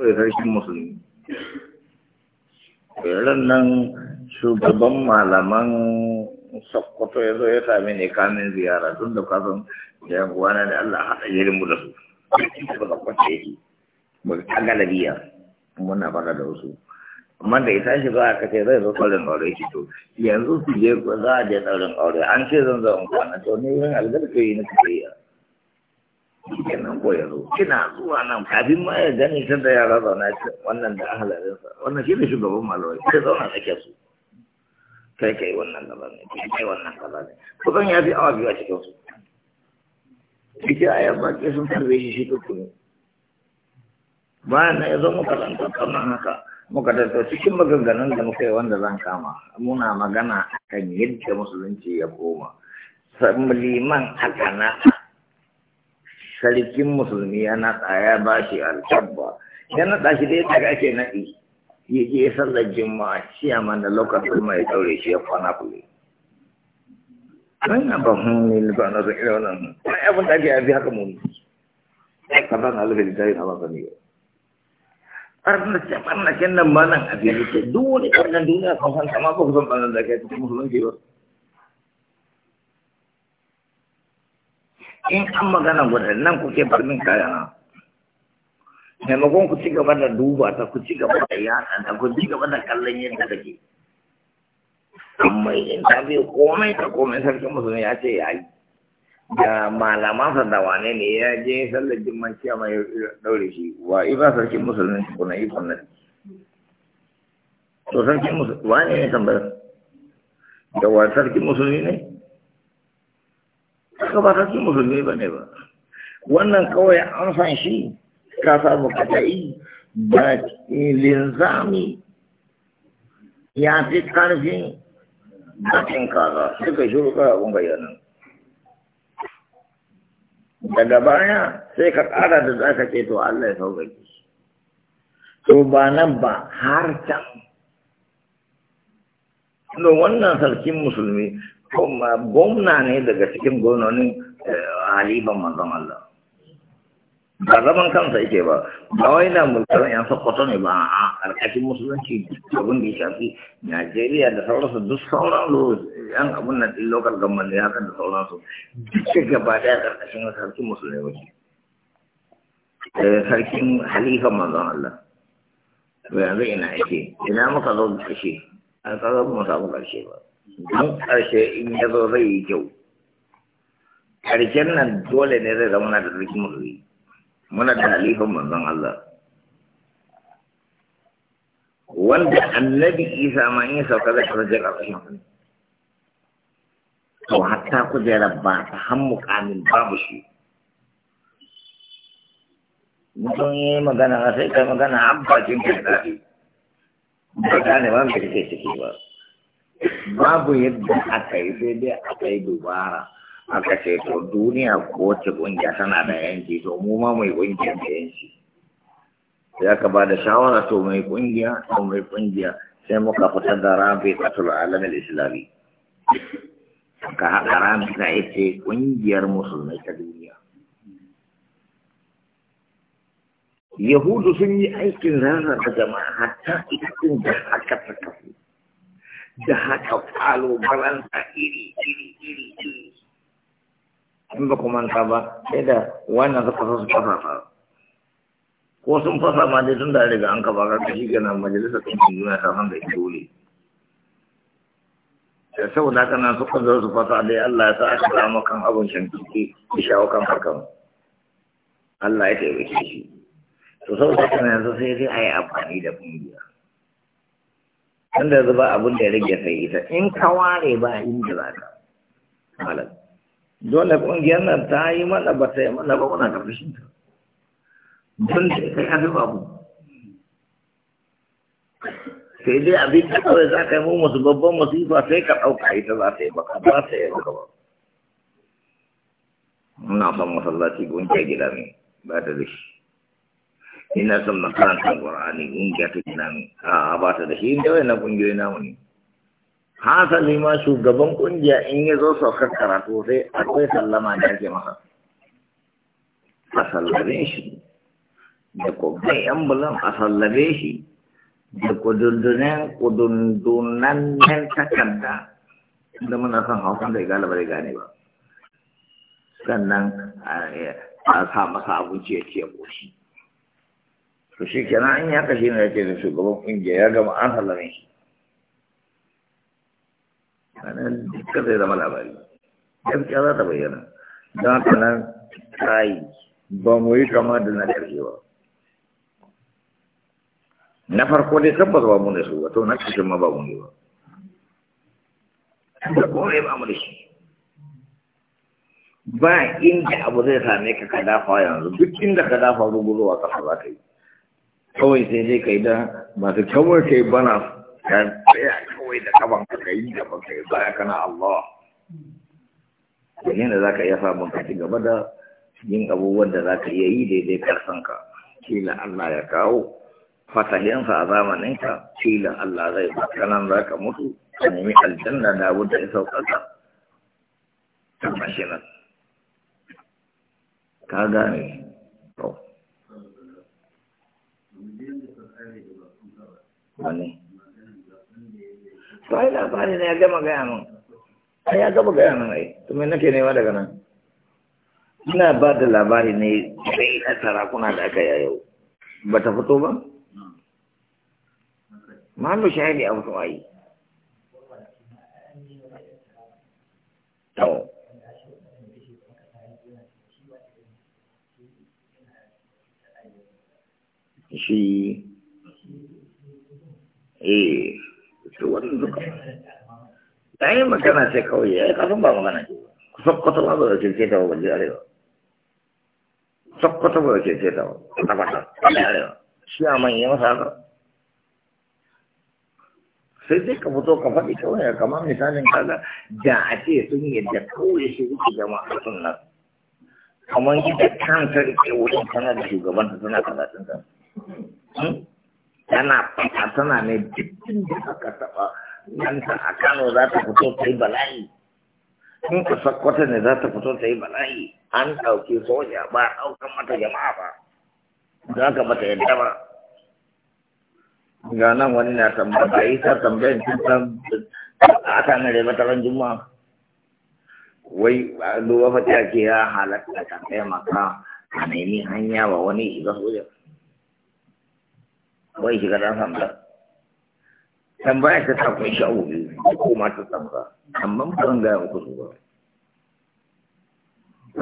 kawai sarkin musulmi ran nan shugaban malaman sokoto ya zo ya sami ne kamin ziyara tun da kasan ya gwana da Allah haɗa jirin mu da su ba da kwace yake ba ta galabiya muna faɗa da wasu amma da ya tashi ba a ce zai zo ɗaurin aure shi to yanzu su je za a je ɗaurin aure an ce zan zo in kwana to ne yin algarfe yi na tafiya shi nan ko yanzu kina zuwa nan kafin ma ya gani san da yara zauna ce wannan da sa wannan shi ne shugaban malamai sai zauna tsakiyar su kai kai wannan gaba ne kai kai wannan gaba ne kusan ya fi awa biyu a cikin su ciki a yamma ke sun tarbe shi shi duk ne bayan na ya zo muka zanta kamar haka muka tattau cikin maganganun da muka yi wanda zan kama muna magana kan yadda musulunci ya koma liman a na sarkin musulmi ya naɗa ya ba shi alkabba ya naɗa shi dai daga ake naɗi ya je sallar juma'a ciyaman da lokacin mai ɗaure shi ya kwana kullum wannan ba hun ne ba na zan irin wannan wani abin da ake yafi haka mu ka ban alfil da yana ba ne ke barnacen nan ba nan a fiye duk wani ɓarnan duniya kan san kama ba ku san ɓarnan da ake cikin musulunci ba in an magana gudan nan kuke bar min kaya na maimakon ku ci gaba da duba ta ku ci gaba da yada ta ku ci gaba da kallon yadda da ke. amma in ta biyu komai ta komai sarki musulmi ya ce ya yi da malamansa da wane ne ya je sallar jimanci a mai daure shi wa iba sarki musulmi kuna yi kwanan to sarki musulmi wane ne tambayar da wa sarki musulmi ne haka ba kake musulmi ba ne ba wannan kawai an san shi ka samu kadai da linzami ya fi karfin bakin kaza suka shuru kawai abin bayanan daga baya sai ka ƙara da za ka ce to Allah ya sauƙaƙe to ba nan ba har can wannan sarkin musulmi kuma gwamna ne daga cikin gononin haliban eh, manzon Allah ba zaman kansa yake ba ba wai na mulkar yan sokoto ne ba a karkashin musulunci abin da ya shafi Najeriya da sauransu duk sauran yan abun nan din local government ya kan da sauransu duk gaba daya karkashin sarkin musulmai ba eh, sarkin halifa manzon Allah yanzu ina yake ina muka zo da kashe an tsarar mu samu karshe ba don ƙarshe in ya zo zai yi kyau ƙarshen nan dole ne zai zama da tsarki musulmi muna da halifan manzon Allah wanda annabi isa ma in sauka zai kasance ƙarshen to hatta kujera ba ta han mukamin babu shi mutum ya yi magana sai ka magana an bakin kai daɗi ba gane ba mai kake ciki ba babu yadda aka yi daidai dai aka yi dubara aka ce to duniya ko ce kungiya tana da yanki to mu ma mai kungiyar da yanki sai aka ba da shawara to mai kungiya to mai kungiya sai muka fitar da rabi katul alamin islami ka haɗa ranar ta ita kungiyar musulmai ta duniya yahudu sun yi aikin rana da jama'a hatta ita da aka ta da haka kalubalanta iri iri iri iri in ba ku manta ba sai da wannan suka so su kafafa ko sun fasa ma dai tun da riga an ka baka kashi ganin majalisa ɗinkin duniya ta san da dole da saboda haka nan suka zo su fasa dai Allah ya sa aka samu kan abin shankiki da shawo kan harkan Allah ya taimake shi to saboda haka yanzu sai sai a yi amfani da kungiya wanda yanzu ba abin da ya rage sai ita in ka ware ba inda za ka malam dole kungiyar nan ta yi mana ba ta yi mana ba muna shi ta don da ka yi fi babu sai dai abin da kawai za ka yi mu musu babban masifa sai ka ɗauka ita za ta yi baka ba ta yi ba ba muna son masallaci gunke gida ne ba ta da shi ina son makarantar in ƙungiya ta tunani a ba ta da shi da wani ƙungiyoyi namu ne hasali ma shugaban ƙungiya in ya zo saukar karatu sai akwai sallama da ake masa a sallame shi da kwabban yan bulan a sallame shi da kudundunan kudundunannen takarda da muna son hausa da galiba da gane ba sannan a sa masa abinci ya ce boshi. to shi kenan in haka shi ne yake da shugaban kungiya ya gama an halame. shi anan dukkan zai zama labari gaskiya za ta bayyana don haka nan yi. ba mu yi kama da na ƙarshe ba na farko dai tabbas ba mu ne su wato na ƙarshen ma ba mu ne ba da kome ba mu da shi ba inda abu zai same ka ka dafa yanzu duk inda ka dafa rugurowa ƙasa za ka yi kawai sai dai kai da masu kyawar kai bana ka tsaya kawai da kaban ka da baka yi baya kana Allah da yadda za ka iya samun ka ci gaba da yin abubuwan da za ka iya yi daidai karsan ka kila Allah ya kawo fatahiyansa a zamanin ka kila Allah zai baka nan za ka mutu ka nemi aljanna da abu da ya sauƙaƙa ta mashinan ka gane to wani sai labari na ya gama gaya min ai ya gama gaya min ai to me nake nema daga nan ina ba da labari ne sai na sarakuna da aka yi yau ba ta fito ba mahallu shahidi a to ai to shi eh to wannan duka dai magana sai kawai ya kafin ba magana ku sokoto ba da cece ta ba da arewa sokoto ba da cece ta ba ta ba da arewa shi a manya masa haka sai dai ka fito ka faɗi kawai kamar misalin kaza, da a ce sun yadda kawai shi wuce jama'a sun nan kamar yadda kanta ta rike wurin kanar da shugabanta suna karatun ta tana fata tana ne dukkan da aka taɓa yanta a kano za ta fito ta yi bala'i in ka sakwata ne za ta fito ta yi bala'i an ɗauki soja ba a ɗaukan mata jama'a ba za ka bata yadda ba ga nan wani na tambaya yi ta tambayan cikin a kan rai mataran juma'a wai duba fata ke ya halatta ka taimaka ka? nemi hanya ba wani shiga soja bai shiga dan sanda tambaya ta ta kun sha ubi ko ma ta tambaya amma ba zan gaya muku su ba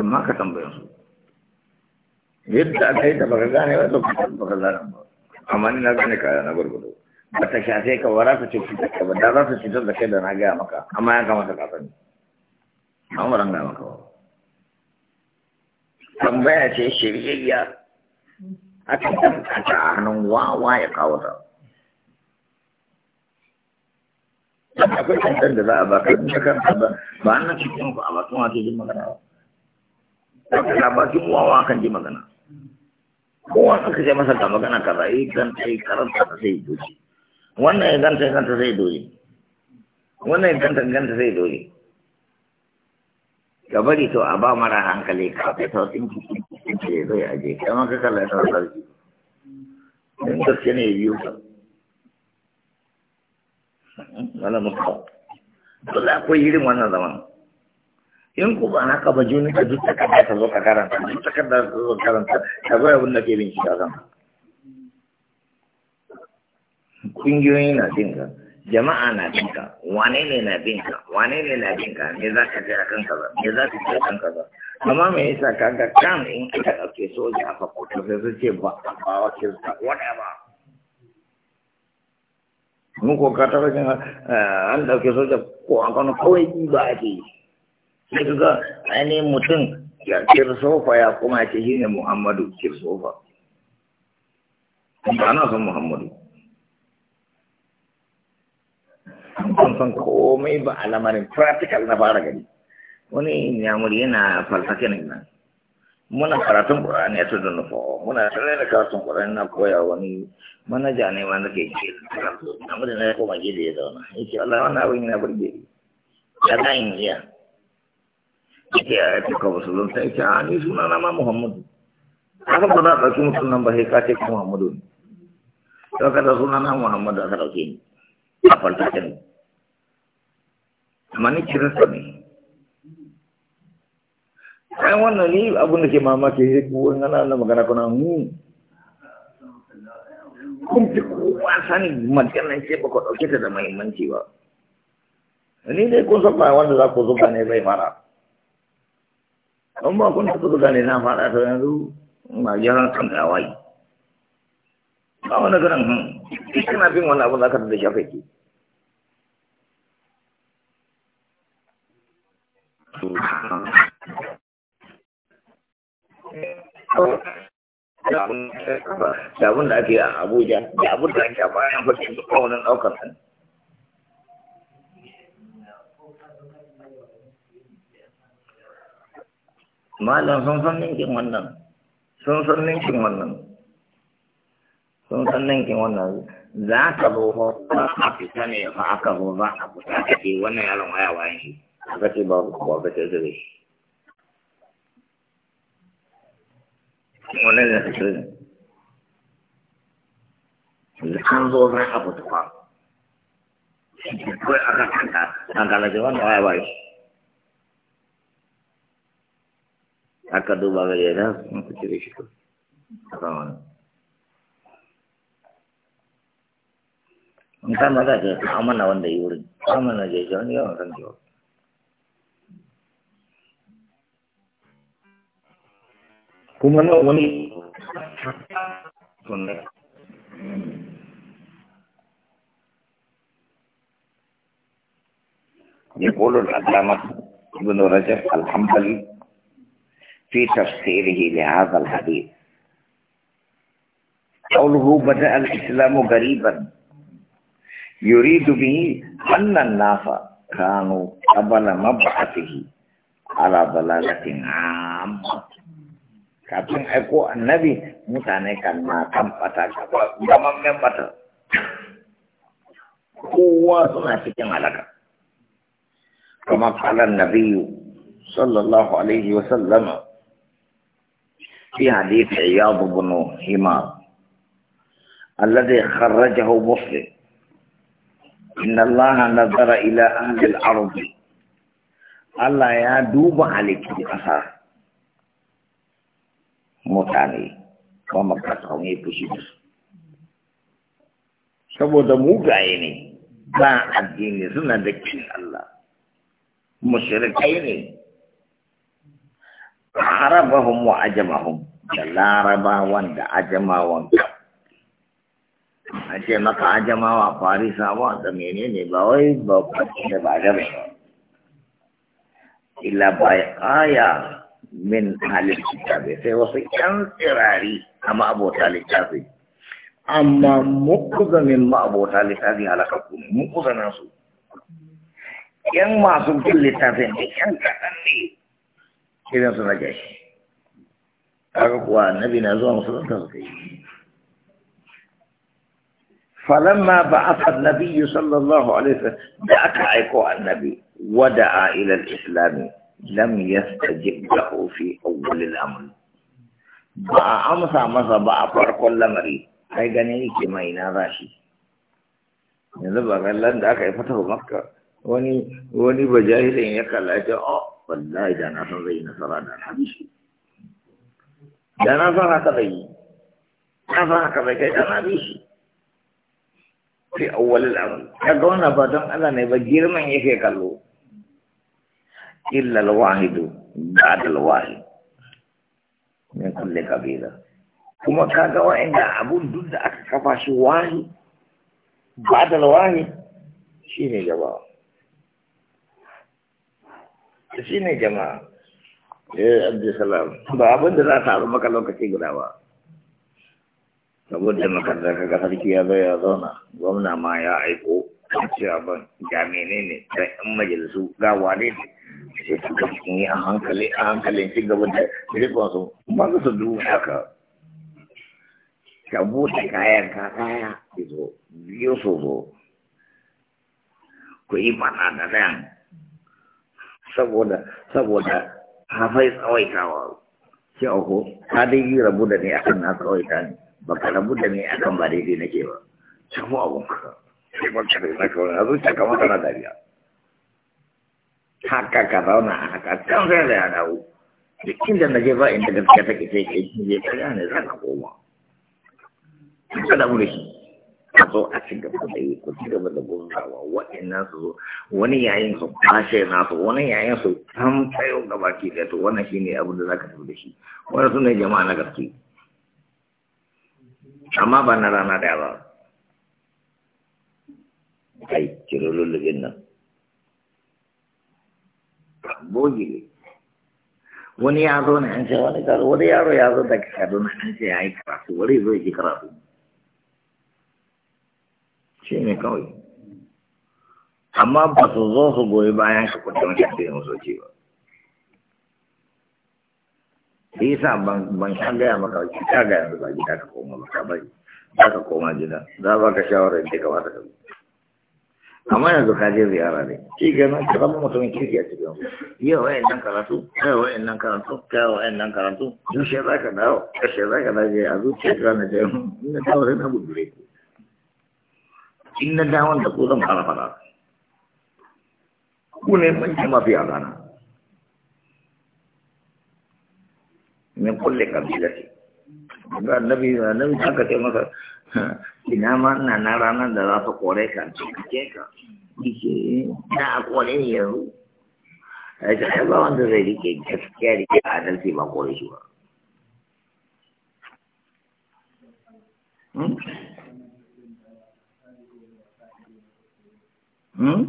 amma ka tambaya su yadda aka yi ta baka gane ba to baka gane ba amma ni na gane kaya na gurgudu ba ta shafe ka ba za ta cutar ta ba da za ta fitar da kai da na gaya maka amma ya kamata ka sani an waran gaya maka ba tambaya ce shirye ya a cikin kanta a hannun wawa ya kawo ta akwai kantar da za a baka in ka kanta ba ba an cikin ku a bakin wato jin magana ba daga labarin wawa kan ji magana kowa aka ce masa ga magana kaza eh, yi kan yi karanta ta sai doji wannan ya ganta ya ganta sai doji wannan ya ganta ganta sai doji ka bari to a ba mara hankali ka ka sautin ki ke zai aje kama ka kalla ta sarki don gaske ne biyu ka wala muka to za ku yi irin wannan zaman in ku ba haka ba juni ka duk takarda ta zo ka karanta duk takarda ta zo karanta ka zo abin da ke bincika kan Ƙungiyoyi na jin ka jama'a na binka wane ne na binka wane ne na binka me za ka jira kanka kaza me za ka jira kanka kaza amma me yasa kaga kan in aka dauke soja aka fito sai su ce ba ba wace ta whatever mun ko ka taba jin eh, an dauke soja ko an kano kawai ji ba ake yi sai ga ainihin mutum ya kirsofa ya kuma ce ne muhammadu kirsofa na son muhammadu ban san komai ba a lamarin practical na fara gani wani yamuri yana falsafi ne nan muna karatun Qur'ani nufo muna tare da karatun Qur'ani na koya wani manaja ne ma ke na koma gida ya zauna Allah abin yana ni ya ga in iya yace a ta ko musulun sai ce a ni suna na ma Muhammadu aka ba ɗauki ba sai ka ce Muhammadu ne suna na Muhammadu aka ɗauke ni a falsafi ne amma ni sa ne ai wannan ni abin da ke mamaki sai ku wani ana na magana kuna mu kun fi kowa sani maganan ce ba ku ɗauke ta da mahimmanci ba ni dai kun saba wanda za ku zuba ne bai fara don ba kun ta zuba ne na fara ta yanzu ma gyaran kan kawai ba wani ganin hmm, hin kana bin wani abu za ka da shafe ki da abun da ake a abuja da abin da ake a bayan fakin duk wani daukar malam sun san ninkin wannan sun san ninkin wannan sun san ninkin wannan za ka zo ho a fita ne fa aka zo za a fita ka ce wannan yaron waya wayan shi a ce ba ko aka ce zai wani ne su ne an zo na wanda yi يقول العلامة ابن رجب الحنبلي في تفسيره لهذا الحديث قوله بدأ الإسلام غريبا يريد به أن الناس كانوا قبل مبعثه على ضلالة عامة kafin aiko annabi mutane kan ma kan fata gaban men fata kowa suna cikin halaka kama kalan nabiyu sallallahu alaihi wa sallama في حديث عياض بن همار الذي خرجه مسلم إن الله نظر إلى أهل الأرض الله يا دوب عليك الأثار mutane ba makasau ne fushi da su saboda mugaye ne ba addini suna da kin Allah mushrikai ne arabahum wa ajamahum da wanda da ajamawan a ce maka ajamawa farisawa da menene ba wai ba kwanci da ba da ba illa bai aya min halin kitabe sai wasu yan tsirari a ma'abota littafi amma mukuza min ma'abota littafi halakakku ne mukuza nasu yan masu bin littafin ne yan kasar ne irin su na gashi kaga kuwa annabi na zuwa musulunta su kai فلما بعث النبي صلى الله عليه وسلم aiko annabi wada a إلى الإسلام lam yastajib lahu fi awwal al-amr ba a amsa masa ba a farkon lamari ai gane yake mai na zashi yanzu ba gallan da aka yi fatahu makka wani wani bajahilin ya kalla ya ce oh wallahi da na san zai nasara da na bishi da na san haka zai yi na san haka zai kai da na bishi fi awwal al-amr kaga wannan ba don Allah ne ba girman yake kallo إلا الواحد بعد الواحد من كل قبيلة abun duk da aka kafa shi واحد بعد الواحد شين جماعة شين جماعة Eh Salam. ba abin da za ta taru maka lokaci guda ba. Saboda makarantar kaga sarki ya zai ya zauna, gwamna ma ya aiko, cewa ban ga menene, dan 'yan majalisu ga wane ne. in yi a hankali a hankali ci gaba da rikon ba su su duba ka ka buɗe kayan ka kaya ki zo biyu su zo ku yi mana da nan saboda saboda hafai tsawaitawa ki ako ka dai yi rabu da ni akan na tsawaita ne baka rabu da ni akan ba daidai nake ba samu abun ka sai ba ka da na kawai na zuciya kamar kana dariya haka ka zauna a haka can zai zai ya dawo duk inda na je ba inda gaskiya take ta ke shi je ta gane za ka koma ka damu da shi ka zo a ci gaba da yi ku ci gaba da gungawa waɗannan su zo wani yayin su kwashe nasu wani yayin su san tsayo gaba ki da to wannan ne abin da za ka tafi da shi wani su jama'a na gaske amma ba na rana daya ba ai ciro lullubin nan bogi wani ya ne wani wani yaro zo daga ya yi wani kawai amma ba su zo su goyi bayan ba shi yasa ban gida koma za ka koma za ba ka ka ka amma yanzu ka je ziyara ne shi kenan ka zama mutumin kirki a cikin yau wayan nan karatu kai wayan nan karatu kai wayan nan karatu zuciya za ka dawo kashe za ka daje a zuciya ka na je ina dawo sai na gudure ku in na dawon da ku zan fara fara ku ne manci mafi a rana min kulle kabilati ga annabi annabi aka ce masa ina ma ina na ranar da za ta kore ka cike ka dike na a kore ne yau, a yi ta ba wanda zai rike gaskiya rike a adalci ba kore shi ba hmm? Hmm?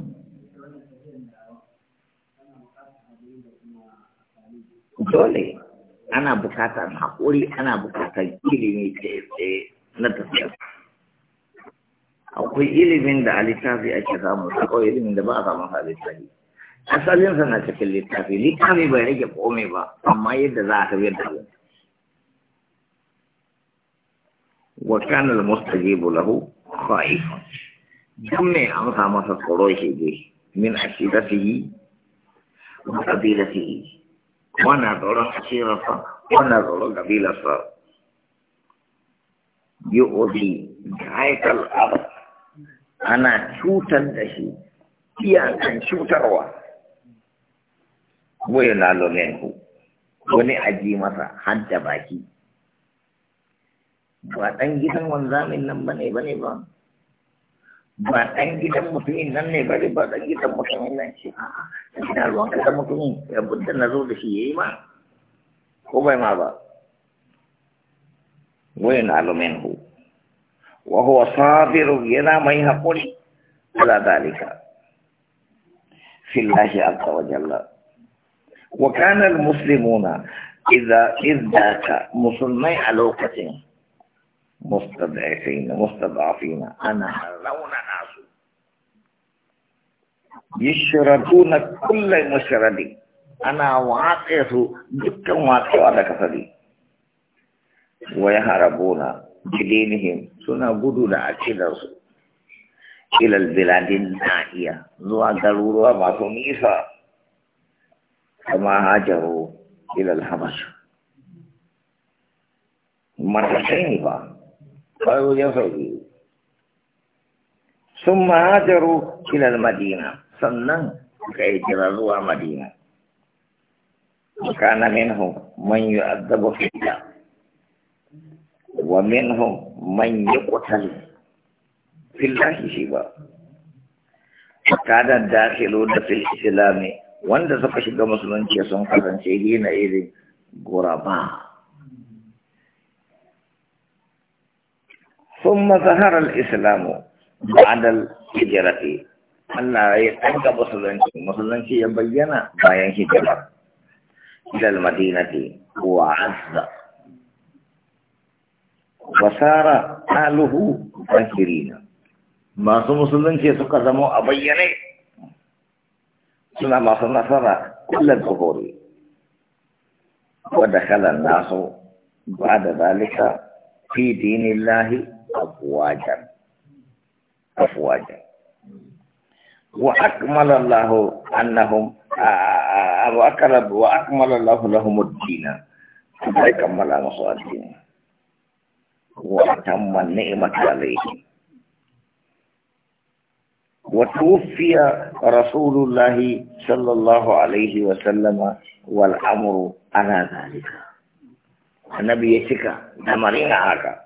Dole ana bukatar haƙuri ana bukatar ilimi tsaye na tafiya. akwai ilimin da a littafi ake samu akwai ilimin da ba a samun a littafi asalin sa na cikin littafi littafi bai rage komai ba amma yadda za a tafiyar da abin wa kana al-mustajibu lahu khaifun dan me amsa masa tsoro shi dai min ashidatihi wa qabilatihi wana tsoron ashirarsa wana tsoron qabilarsa yu'udi haikal abad ana cutar da shi iyakan cutarwa wai na lominku wani aji masa hadda baki ba ɗan gidan wanzamin nan ba ne ba ne ba ba ɗan gidan mutumin nan ne ba ne ba ɗan gidan mutumin nan ce A'a ina ruwan ka da mutumin ya budda na zo da shi ya yi ma ko bai ma ba wai na lominku وهو صابر ينا ما يحقني على ذلك في الله عز وجل وكان المسلمون إذا إذ ذاك مسلمي علوقة مستضعفين مستضعفين أنا هلون ناس يشربون كل مشرد أنا واقف جدا واقف على كفري ويهربون بدينهم suna gudu da akidarsu ilal biladin nahiya zuwa garuruwa masu nisa kama hajaru ilal habash marasai ne ba bayo ya sauki sun mahajaru ilal madina sannan suka yi jira zuwa madina kana minhum man yu'adzabu fiha wa minhum man ya kwatal shi ba kada dakilo da fil islami wanda suka shiga musulunci sun kasance hina irin guraba ثم ظهر الإسلام بعد hijirati Allah ya ɗanga musulunci, musulunci ya bayyana bayan hijira. Ilal Madinati wa Azza. wasara aluhu zahirina masu musulunci suka zama a bayyane suna masu nasara kullum tsohori wadda kalan nasu ba da zalika fi dinillahi afwajan wa akmala Allah annahum akmala Allah lahum ad-din sai kammala musu addini وأتم النعمة عليه وتوفي رسول الله صلى الله عليه وسلم والأمر على ذلك النبي يشكى دمرين هذا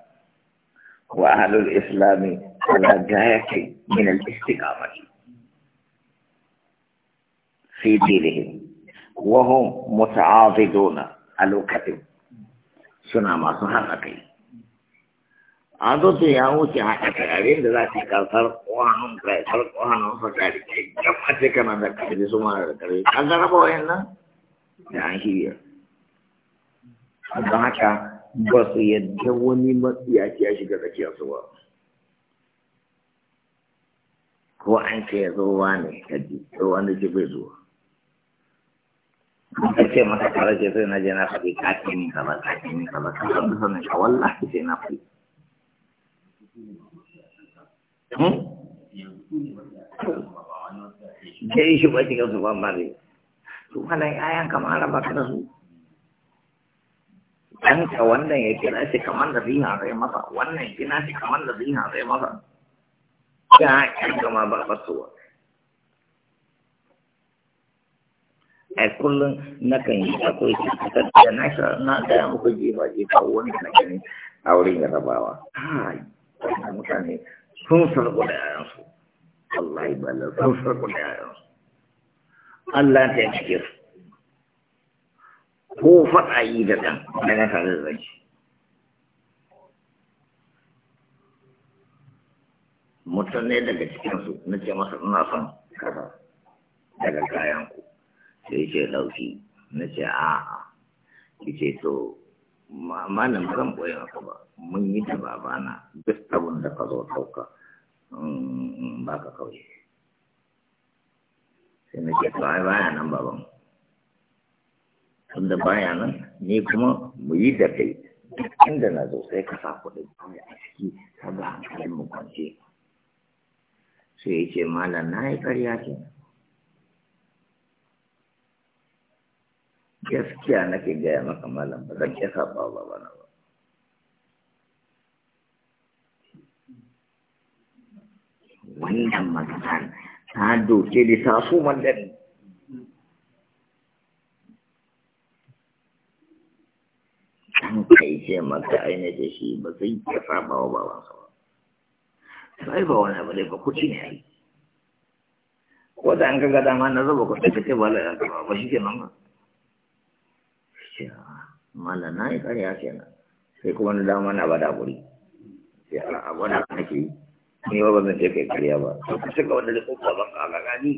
وأهل الإسلام على جاية من الاستقامة في دينهم وهم متعاضدون الوكتب سنة ما سهل a zoto ya wuce haka yayin da za ka kasar kwanon kasar kwanon fakari ke gama ce kana da karfi su mana da karfi an zaraba wayan nan da an shirya don haka ba su yadda wani matsiyaci ya shiga tsakiyar su ba ko an ce ya zo wa ne kaji ko wanda ce bai zuwa ka ce maka tare ce sai na je na faɗi kafin kaza kafin kaza kafin kaza wallahi sai na faɗi sai shi ba cikin su ban bari su halayen ayan kamar araba kada su ɗanka wannan ya kira shi kamar da zina zai masa wannan ya kira shi kamar da zina zai masa ya ƴan gama ba ba su a kullum na kan yi akwai cutar da na gaya muku jefa jefa wani na ganin a wurin yarabawa da mutane sun sarku da yayansu Allah yi bala sun sarku da yayansu Allah ta cike su ko faɗa yi da ɗan na tare da zaki mutane daga cikinsu na ce masa ina son kasa daga kayanku sai ce ɗauki na ce a'a ki ce to malam zan boye maka ba mun yi da na duk abin da ka zo ɗauka ba ka kauye sai na ce kawai baya nan baban tunda baya nan ni kuma mu yi da kai duk inda na zo sai ka sa kuɗi kawai a ciki ka ga hankalin mu kwance sai ya ce malam na yi ƙarya kenan gaskiya nake gaya maka malam ba zan iya saba ba ba na ba wannan maganar ta doke da ta so mandani an kai ce maka ainihin shi ba zai iya saba wa babansa ba sai ba wani abu ne ba kuci ne ai ko da an ka gada ma na zuba kuɗi ka ce ba la ba shi ke nan ba ce ah, mala na yi ƙarya ce na sai kuma na dama na ba da guri sai ala abu na nake yi ni ba zan ce kai ƙarya ba to ka shiga wanda zai ƙoƙa ban ƙaga gani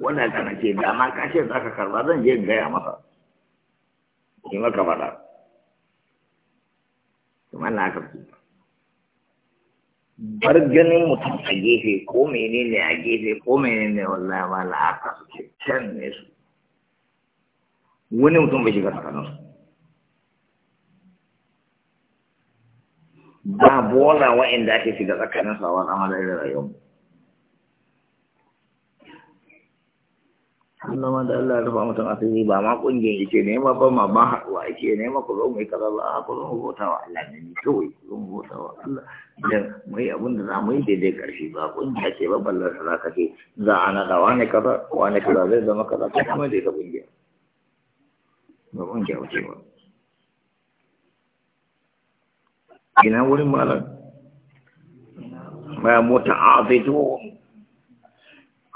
wannan kana ce da ma ka ce za ka karba zan je in gaya masa yi maka faɗa kuma na ka fi bar ganin mutum a gefe ko menene a gefe ko menene wallahi ba la'aka suke can ne su wani mutum bai shiga tsakaninsu ba bola wa'inda ake shiga tsakanin sawa amalar da rayuwar Allah ma da Allah rufa mutum a fili ba ma kungiyar yake ne ma ba ma ba haɗuwa yake ne ma ku zo mu yi kaza ba ku zo mu bauta wa Allah ne kawai ku mu bauta wa Allah da mu yi abin da za mu yi daidai ƙarshe ba kungiya ce ba ballar saraka ce za a naɗa wani kaza wani kaza zai zama kaza ta kama daidai kungiya. ba kun kyauce ba ina wurin malam ma muta'abidu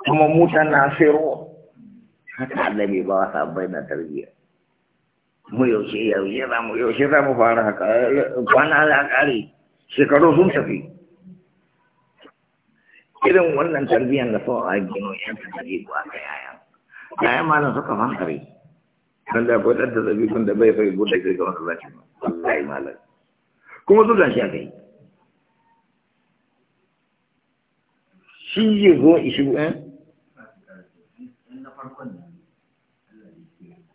kuma mutanasiru haka annabi ba sa bayyana tarbiyya mu yaushe yaushe za mu yaushe za mu fara haka kwana da kare shekaru sun tafi irin wannan tarbiyyar da sau a gino yan tafi ko aka yaya yayan malam suka fankare wanda akwai da zabi da bai zafi ba yi shi zo ishi ɗan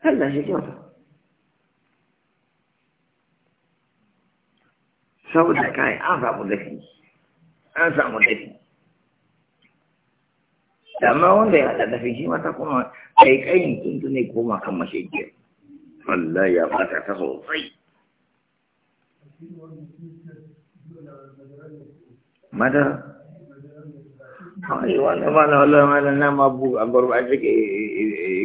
Allah shi saboda kai an samu dafi an samu dafi amma wanda ya haɗa tafi shi mata kuma kai kayin tuntu ne koma kan mashigiyar Allah ya fata ta sosai mata ai wanda ba na wala ma na ma bu a gurba take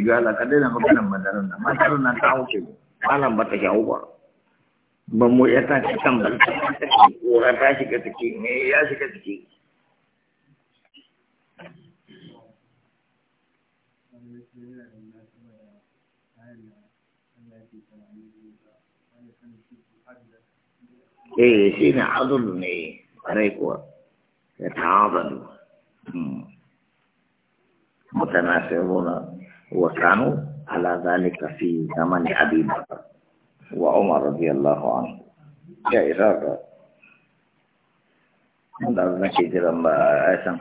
igala eh, eh, eh, ka dena maganar madaran nan madaran nan ta wuce malam ba ta shawo ba ba mu ya ta kan ba ta shiga ciki ne ya shiga ciki ايه هنا اظن ايه عليك يتعاضل متناسبون وكانوا على ذلك في زمن ابي بكر وعمر رضي الله عنه يا اراده عندما نشيد الله عيسى